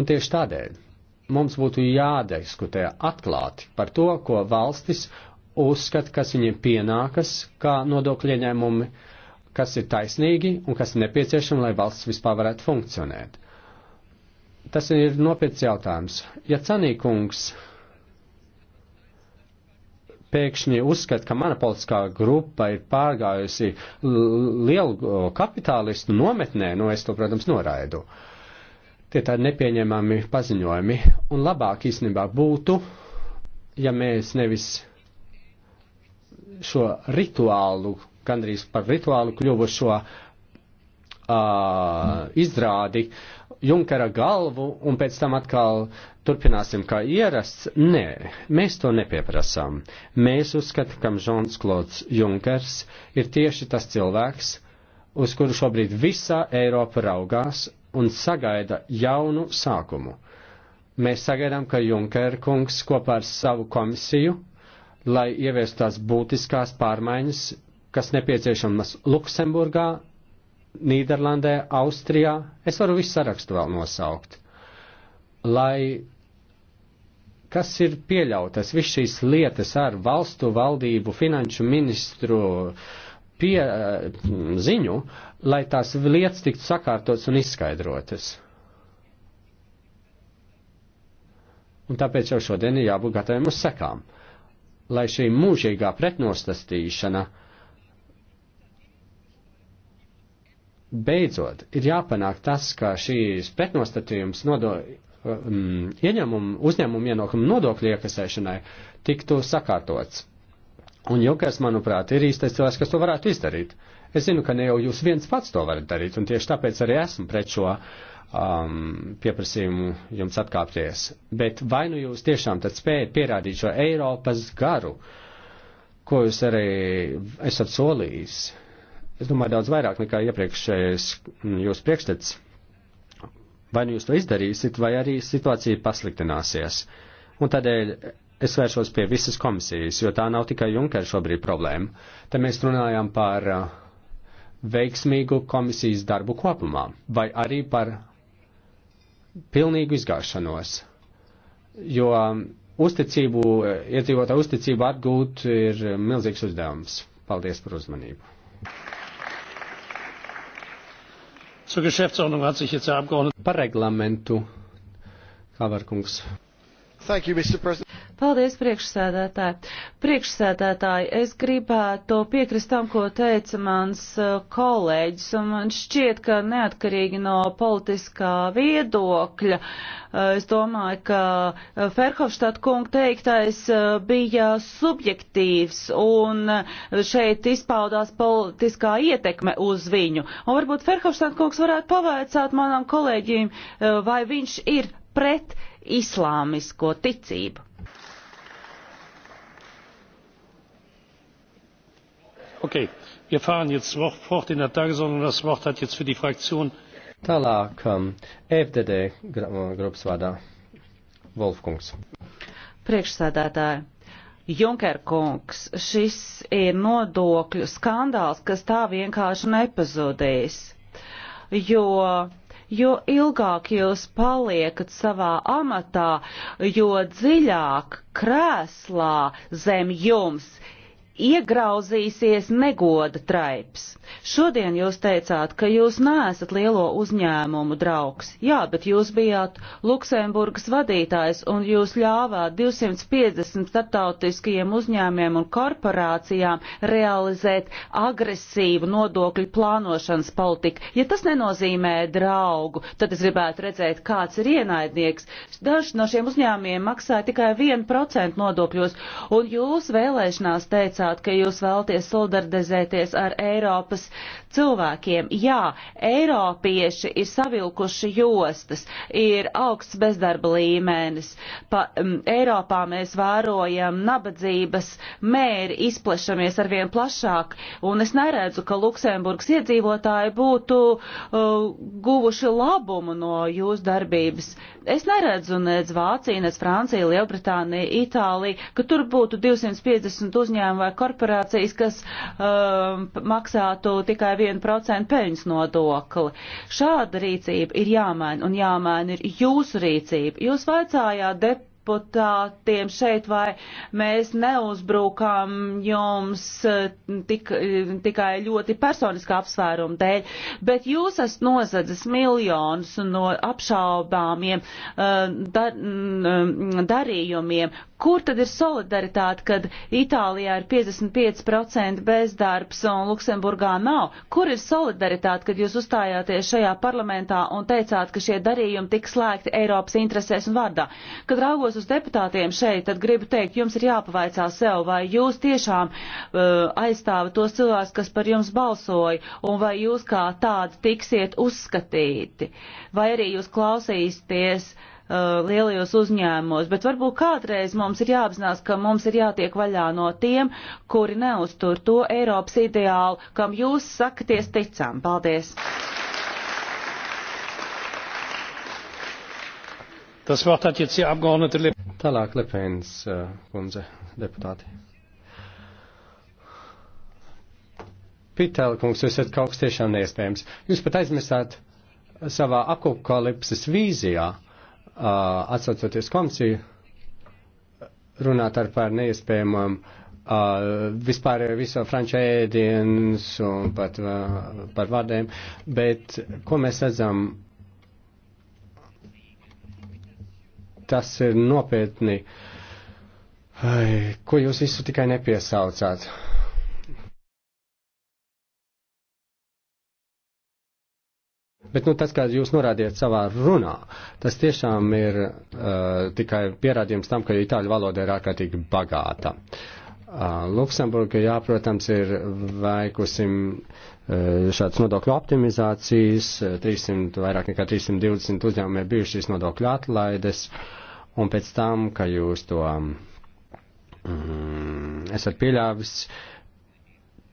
Un tieši tādēļ mums būtu jādiskutē atklāti par to, ko valstis uzskata, kas viņiem pienākas, kā nodokļu ieņēmumi, kas ir taisnīgi un kas ir nepieciešami, lai valsts vispār varētu funkcionēt. Tas ir nopietns jautājums. Ja cenīkungs pēkšņi uzskata, ka mana politiskā grupa ir pārgājusi lielu kapitālistu nometnē, nu no es to, protams, noraidu. Uh, Tie tādi nepieņemami paziņojumi. Un labāk īstenībā būtu, ja mēs nevis šo rituālu, gandrīz par rituālu kļuvušo uh, izrādi, Junkara galvu un pēc tam atkal turpināsim kā ierasts. Nē, mēs to nepieprasām. Mēs uzskatām, ka Žons Klods Junkers ir tieši tas cilvēks, uz kuru šobrīd visa Eiropa raugās un sagaida jaunu sākumu. Mēs sagaidām, ka Junker kungs kopā ar savu komisiju, lai ieviestu tās būtiskās pārmaiņas, kas nepieciešamas Luksemburgā, Nīderlandē, Austrijā, es varu visu sarakstu vēl nosaukt, lai kas ir pieļautas, viss šīs lietas ar valstu valdību, finanšu ministru, uh, pie eh, ziņu, lai tās lietas tiktu sakārtotas un izskaidrotas. Un tāpēc jau šodien ir jābūt gataviem uz sekām, lai šī mūžīgā pretnostastīšana beidzot ir jāpanāk tas, ka šīs pretnostatījums nodo, um, eh, mm, ieņemumu, uzņēmumu ienākumu nodokļu iekasēšanai tiktu sakārtots. Un Junkers, manuprāt, ir īstais cilvēks, kas to varētu izdarīt. Es zinu, ka ne jau jūs viens pats to varat darīt, un tieši tāpēc arī esmu pret šo um, pieprasījumu jums atkāpties. Bet vai nu jūs tiešām tad spējat pierādīt šo Eiropas garu, ko jūs arī esat solījis? Es domāju, daudz vairāk nekā iepriekšējais mm, jūsu priekšstats. Vai nu jūs to izdarīsiet, vai arī situācija pasliktināsies. Un tādēļ es vēršos pie visas komisijas, jo tā nav tikai Junkera šobrīd problēma. Te mēs runājām par uh, veiksmīgu komisijas darbu kopumā, vai arī par pilnīgu izgāšanos. Jo um, uzticību, iedzīvotāju uzticību atgūt ir milzīgs uzdevums. Paldies par uzmanību. Par reglamentu, Kavarkungs. You, Paldies, priekšsēdētāji. Priekšsēdētāji, es gribētu piekrist tam, ko teica mans uh, kolēģis, un man šķiet, ka neatkarīgi no politiskā viedokļa, uh, es domāju, ka uh, Ferhofštāt kunga teiktais bija subjektīvs, un šeit izpaudās politiskā ietekme uz viņu. Un varbūt Ferhofštāt kungs varētu pavaicāt manam kolēģim, vai viņš ir pret islāmisko ticību. Okay. Wir fahren jetzt fort in der Tagesordnung. Das Wort hat jetzt für die Fraktion. Tālāk, um, FDD um, grupas vārdā Volfkungs. Priekšsēdētāji. Junker kungs, šis ir nodokļu skandāls, kas tā vienkārši nepazudīs, jo jo ilgāk jūs paliekat savā amatā, jo dziļāk krēslā zem jums iegrauzīsies negoda traips. Šodien jūs teicāt, ka jūs neesat lielo uzņēmumu draugs. Jā, bet jūs bijāt Luksemburgas vadītājs un jūs ļāvāt 250 startautiskajiem uzņēmiem un korporācijām realizēt agresīvu nodokļu plānošanas politiku. Ja tas nenozīmē draugu, tad es gribētu redzēt, kāds ir ienaidnieks. Daži no šiem uzņēmiem maksāja tikai 1% nodokļos, un jūs vēlēšanās teicāt, teicāt, ka jūs vēlaties solidarizēties ar Eiropas cilvēkiem. Jā, Eiropieši ir savilkuši jostas, ir augsts bezdarba līmenis. Pa, um, Eiropā mēs vērojam nabadzības mēri, izplešamies arvien plašāk, un es neredzu, ka Luksemburgas iedzīvotāji būtu uh, guvuši labumu no jūsu darbības. Es neredzu nec Vācija, nec Francija, Lielbritānija, Itālija, ka tur būtu 250 uzņēmumu vai korporācijas, kas um, maksātu tikai 1% peļņas nodokli. Šāda rīcība ir jāmaina un jāmaina ir jūsu rīcība. Jūs vaicājāt deputātu deputātiem šeit, vai mēs neuzbrukam jums eh, tik, eh, tikai ļoti personiskā apsvēruma dēļ, bet jūs esat nozadzis miljonus no apšaubāmiem eh, dar, mm, mm, darījumiem. Kur tad ir solidaritāte, kad Itālijā ir 55% bezdarbs un Luksemburgā nav? Kur ir solidaritāte, kad jūs uzstājāties šajā parlamentā un teicāt, ka šie darījumi tiks slēgti Eiropas interesēs un vārdā? Kad raugos attiecās uz deputātiem šeit, tad gribu teikt, jums ir jāpavaicā sev, vai jūs tiešām uh, aizstāvat tos cilvēkus, kas par jums balsoja, un vai jūs kā tādi tiksiet uzskatīti, vai arī jūs klausīsieties uh, lielajos uzņēmumos, bet varbūt kādreiz mums ir jāapzinās, ka mums ir jātiek vaļā no tiem, kuri neuztur to Eiropas ideālu, kam jūs sakaties ticam. Paldies! Tas vārds hat jetzt die Abgeordnete Le Tālāk Lepēns uh, kundze, deputāti. Pitēla kungs, jūs esat kaut kas tiešām neiespējams. Jūs pat aizmirstāt savā apokalipses vīzijā, uh, atsaucoties komisiju, runāt ar par neiespējamam uh, vispār viso franču ēdienas un pat par vārdiem, bet ko mēs redzam tas ir nopietni. Ai, ko jūs visu tikai nepiesaucāt? Bet nu, tas, kā jūs norādījāt savā runā, tas tiešām ir uh, tikai pierādījums tam, ka itāļu valoda ir ārkārtīgi bagāta. Uh, Ah, Luksemburga, jā, protams, ir veikusim eh, šāds nodokļu optimizācijas, 300, eh, vairāk nekā 320 uzņēmumiem bijušas nodokļu atlaides, un pēc tam, ka jūs to mm, esat pieļāvis,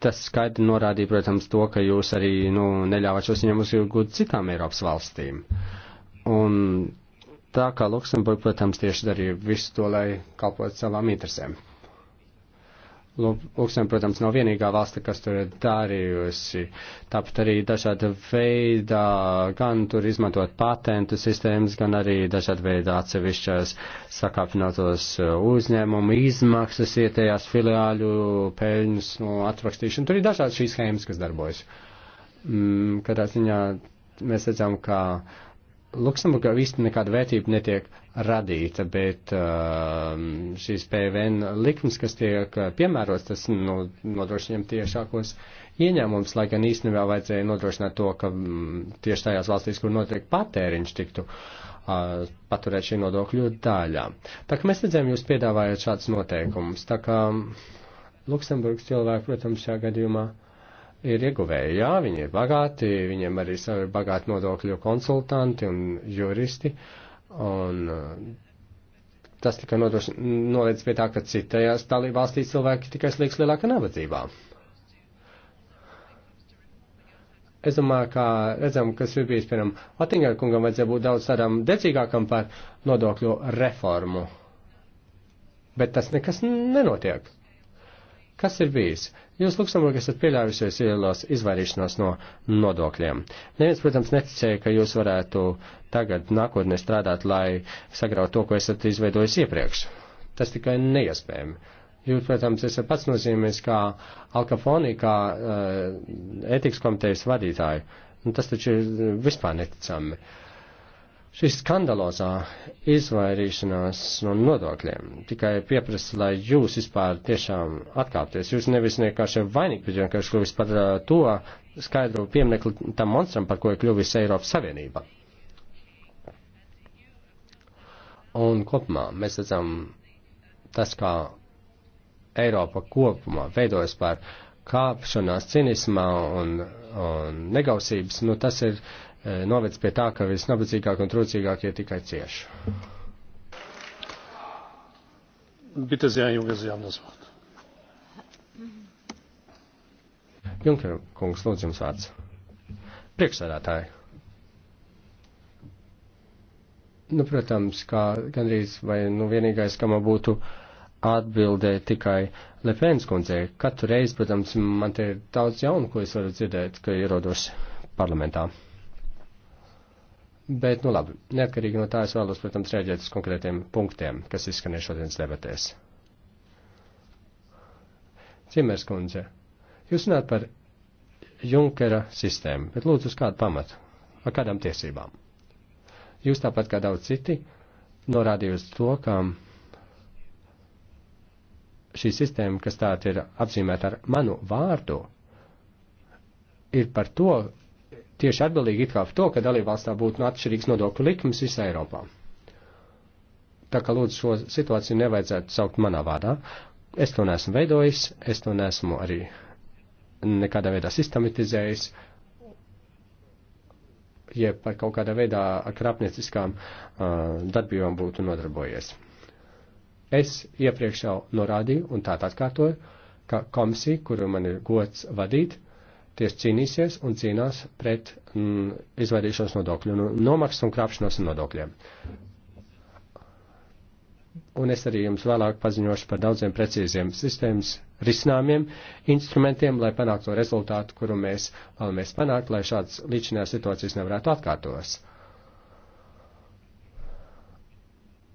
tas skaidri norādīja, protams, to, ka jūs arī, nu, neļāvāt šos uzņēmumus iegūt citām Eiropas valstīm. Un tā kā Luksemburga, protams, tieši darīja visu to, lai kalpotu savām interesēm. Luksemburga, protams, nav vienīgā valsts, kas tur ir darījusi. Tāpat arī dažāda veida, gan tur izmantot patentu sistēmas, gan arī dažāda veida atsevišķās sakāpinātos uzņēmumu izmaksas ietējās filiāļu peļņas no nu, atrakstīšanu. Tur ir dažādas šīs schēmas, kas darbojas. Mm, Kādā ziņā mēs redzam, ka Luksemburgā īsti nekāda vērtība netiek radīta, bet um, šīs PVN likmes, kas tiek uh, piemērots, tas nu, nodrošina tiešākos ieņēmumus, lai gan īstenībā vajadzēja nodrošināt to, ka m, mm, tieši tajās valstīs, kur notiek patēriņš, tiktu uh, paturēt šī nodokļu daļā. Tā kā mēs redzējām, jūs piedāvājat šādus noteikumus. Tā kā um, Luksemburgas cilvēki, protams, šajā gadījumā. Uh, ir ieguvēji. Jā, viņi ir bagāti, viņiem arī savi bagāti nodokļu konsultanti un juristi. Un uh, tas tikai noliec pie tā, ka citajās dalībvalstīs cilvēki tikai slīgs lielāka nabadzībā. Es domāju, ka redzam, kas ir bijis, piemēram, Atingera kungam vajadzēja būt daudz tādam decīgākam par nodokļu reformu. Bet tas nekas nenotiek. Kas ir bijis? Jūs Luksemburgā esat pieļāvusies ielas izvairīšanās no nodokļiem. Neviens, protams, neticēja, ka jūs varētu tagad nākotnē strādāt, lai sagraut to, ko esat izveidojis iepriekš. Tas tikai neiespējami. Jūs, protams, esat pats nozīmējis kā alkafonī, kā uh, ētikas komitejas vadītāju. Nu, tas taču ir vispār neticami. Uh, Šī skandalozā izvairīšanās no nodokļiem tikai pieprasa, lai jūs vispār tiešām atkāpties. Jūs nevis vienkārši vainīgi, bet vienkārši kļuvis par uh, to skaidru pieminekli tam monstram, par ko ir kļuvis Eiropas Savienība. Un kopumā mēs redzam tas, kā Eiropa kopumā veidojas par kāpšanās cinismā un, un negausības, nu tas ir Eh, novec pie tā, ka visnabadzīgākie un trūcīgākie tikai cieš. Bitte sehr, Junge, Sie haben das Wort. Junker, kungs, lūdzu jums vārds. Priekšsēdētāji. Nu, protams, kā gandrīz vai nu vienīgais, kam būtu atbildē tikai Lepens kundzei. Katru reizi, protams, man te ir daudz jaunu, ko es varu dzirdēt, ka ierodos parlamentā. Bet, nu labi, neatkarīgi no tā es vēlos, protams, rēģēt uz konkrētiem punktiem, kas izskanēja šodienas debatēs. Cimers kundze, jūs runājat par Junkera sistēmu, bet lūdzu uz kādu pamatu, ar kādām tiesībām. Jūs tāpat kā daudz citi norādījāt to, ka šī sistēma, kas tāda ir apzīmēta ar manu vārdu, ir par to, tieši atbildīgi it kā par to, ka dalībvalstā būtu nu, atšķirīgs nodokļu likums visā Eiropā. Tā kā lūdzu šo situāciju nevajadzētu saukt manā vārdā. Es to neesmu veidojis, es to neesmu arī nekādā veidā sistematizējis, jeb par kaut kādā veidā ar krāpnieciskām uh, darbībām būtu nodarbojies. Es iepriekš jau norādīju un tā atkārtoju, ka komisija, kuru man ir gods vadīt, uh, Ties cīnīsies un cīnās pret mm, izvairīšanos nodokļu, nu, nomaksas un krāpšanos un nodokļiem. Un es arī jums vēlāk paziņošu par daudziem precīziem sistēmas risinājumiem, instrumentiem, lai panāktu to rezultātu, kuru mēs vēlamies panākt, lai šādas līdzinās situācijas nevarētu atkārtoties.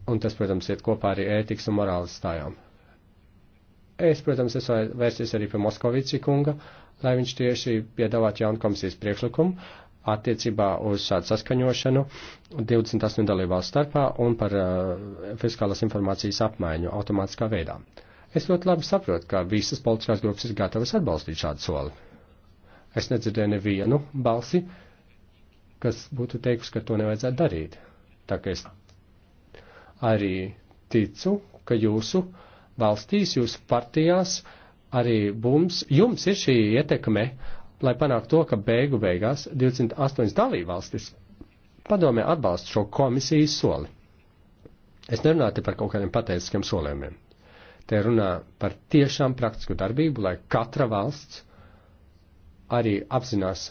un tas, protams, iet kopā arī ētikas un morāles stājām. Es, protams, esmu vērsies arī pie Moskovici kunga, lai viņš tieši piedāvātu jaunu komisijas priekšlikumu attiecībā uz šādu saskaņošanu 28 dalībvalstu starpā un par uh, eh, fiskālas informācijas apmaiņu automātiskā veidā. Es ļoti labi saprotu, ka visas politiskās grupas ir gatavas atbalstīt šādu soli. Es nedzirdēju nevienu balsi, kas būtu teikusi, ka to nevajadzētu darīt. Tā kā es arī ticu, ka jūsu valstīs, jūsu partijās uh, arī mums, jums ir šī ietekme, lai panāktu to, ka beigu beigās 28 dalībvalstis padomē atbalsta šo komisijas soli. Es nerunāju te par kaut kādiem pateiciskiem solījumiem. Te runā par tiešām praktisku darbību, lai katra valsts arī apzinās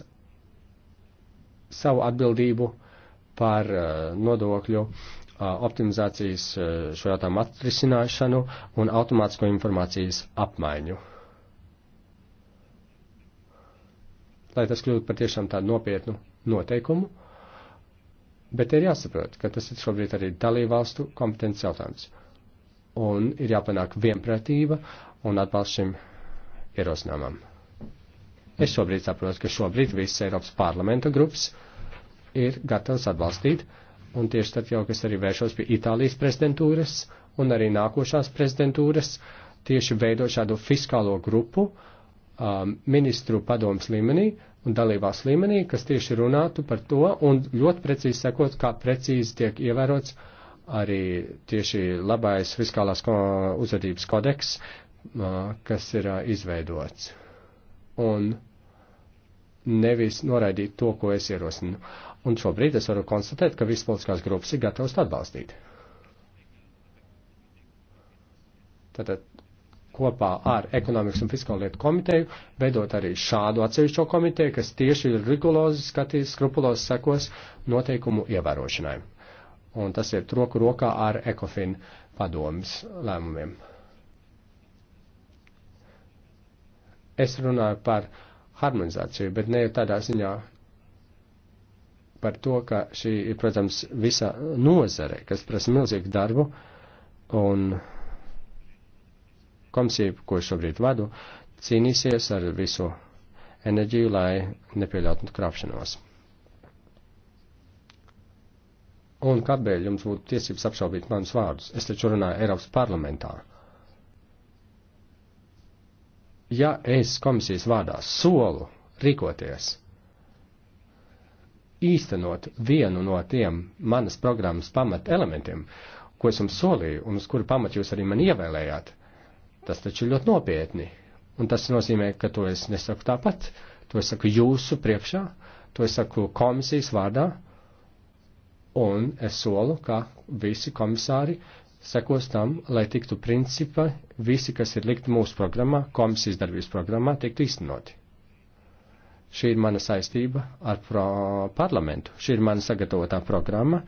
savu atbildību par eh, nodokļu optimizācijas šo jautājumu atrisināšanu un automātisko informācijas apmaiņu. Lai tas kļūtu par tiešām tādu nopietnu noteikumu, bet ir jāsaprot, ka tas ir šobrīd arī dalībvalstu kompetences jautājums. Un ir jāpanāk vienprātība un atbalsts šim ierosinājumam. Es šobrīd saprotu, ka šobrīd visas Eiropas parlamenta grupas ir gatavas atbalstīt uh, Un tieši tad jau, kas arī vēršos pie Itālijas prezidentūras un arī nākošās prezidentūras, tieši veido šādu fiskālo grupu um, ministru padomas līmenī un dalībās līmenī, kas tieši runātu par to un ļoti precīzi sekot, kā precīzi tiek ievērots arī tieši labais fiskālās ko uzvedības kodeks, uh, kas ir uh, izveidots. Un nevis noraidīt to, ko es ierosinu. Uh, Un šobrīd es varu konstatēt, ka visas politiskās grupas ir gatavas atbalstīt. Tātad kopā ar ekonomikas un fiskālo lietu komiteju veidot arī šādu atsevišķo komiteju, kas tieši rigulozi skatīs, skrupulozi sekos noteikumu ievērošanai. Un tas iet roku rokā ar ECOFIN padomas lēmumiem. Es runāju par harmonizāciju, bet ne tādā ziņā, par to, ka šī ir, protams, visa nozare, kas prasa milzīgu darbu, un komisija, ko šobrīd vadu, cīnīsies ar visu enerģiju, lai nepieļautu krāpšanos. Un kāpēc jums būtu tiesības apšaubīt manus vārdus? Es taču runāju Eiropas parlamentā. Ja es komisijas vārdā solu rīkoties, īstenot vienu no tiem manas programmas pamat elementiem, ko es jums solīju un uz kuru pamat jūs arī man ievēlējāt, tas taču ir ļoti nopietni. Un tas nozīmē, ka to es nesaku tāpat, to es saku jūsu priekšā, to es saku komisijas vārdā, un es solu, ka visi komisāri sekos tam, lai tiktu principa visi, kas ir likti mūsu programmā, komisijas darbības programmā, tiktu īstenoti. Šī ir mana saistība ar parlamentu. Šī ir mana sagatavotā programma.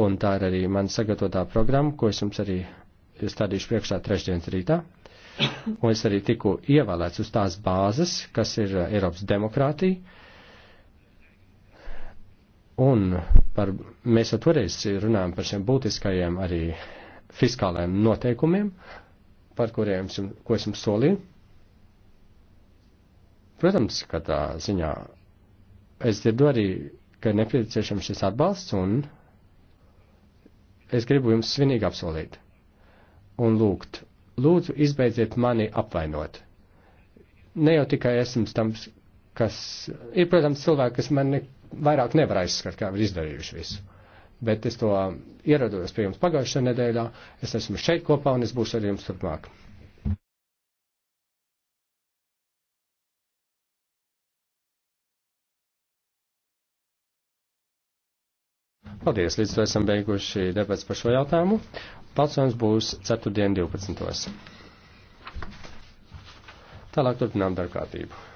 Un tā ir arī mana sagatavotā programma, ko es jums arī stādīšu priekšā trešdienas rītā. Un es arī tiku ievēlēts uz tās bāzes, kas ir Eiropas demokrātija. Un par, mēs jau toreiz runājam par šiem būtiskajiem arī fiskālajiem noteikumiem, par kuriem, ko es jums solīju. Protams, ka tā ziņā es dzirdu arī, ka ir nepieciešams šis atbalsts, un es gribu jums svinīgi apsolīt un lūgt. Lūdzu, izbeidziet mani apvainot. Ne jau tikai esmu tam, kas ir, protams, cilvēki, kas man ne, vairāk nevar aizskat, kā ir izdarījuši visu. Bet es to ierados pie jums pagājušajā nedēļā, es esmu šeit kopā un es būšu ar jums turpmāk. Paldies, līdz to esam beiguši debats par šo jautājumu. Balsojums būs 4.12. Tālāk turpinām darbkārtību.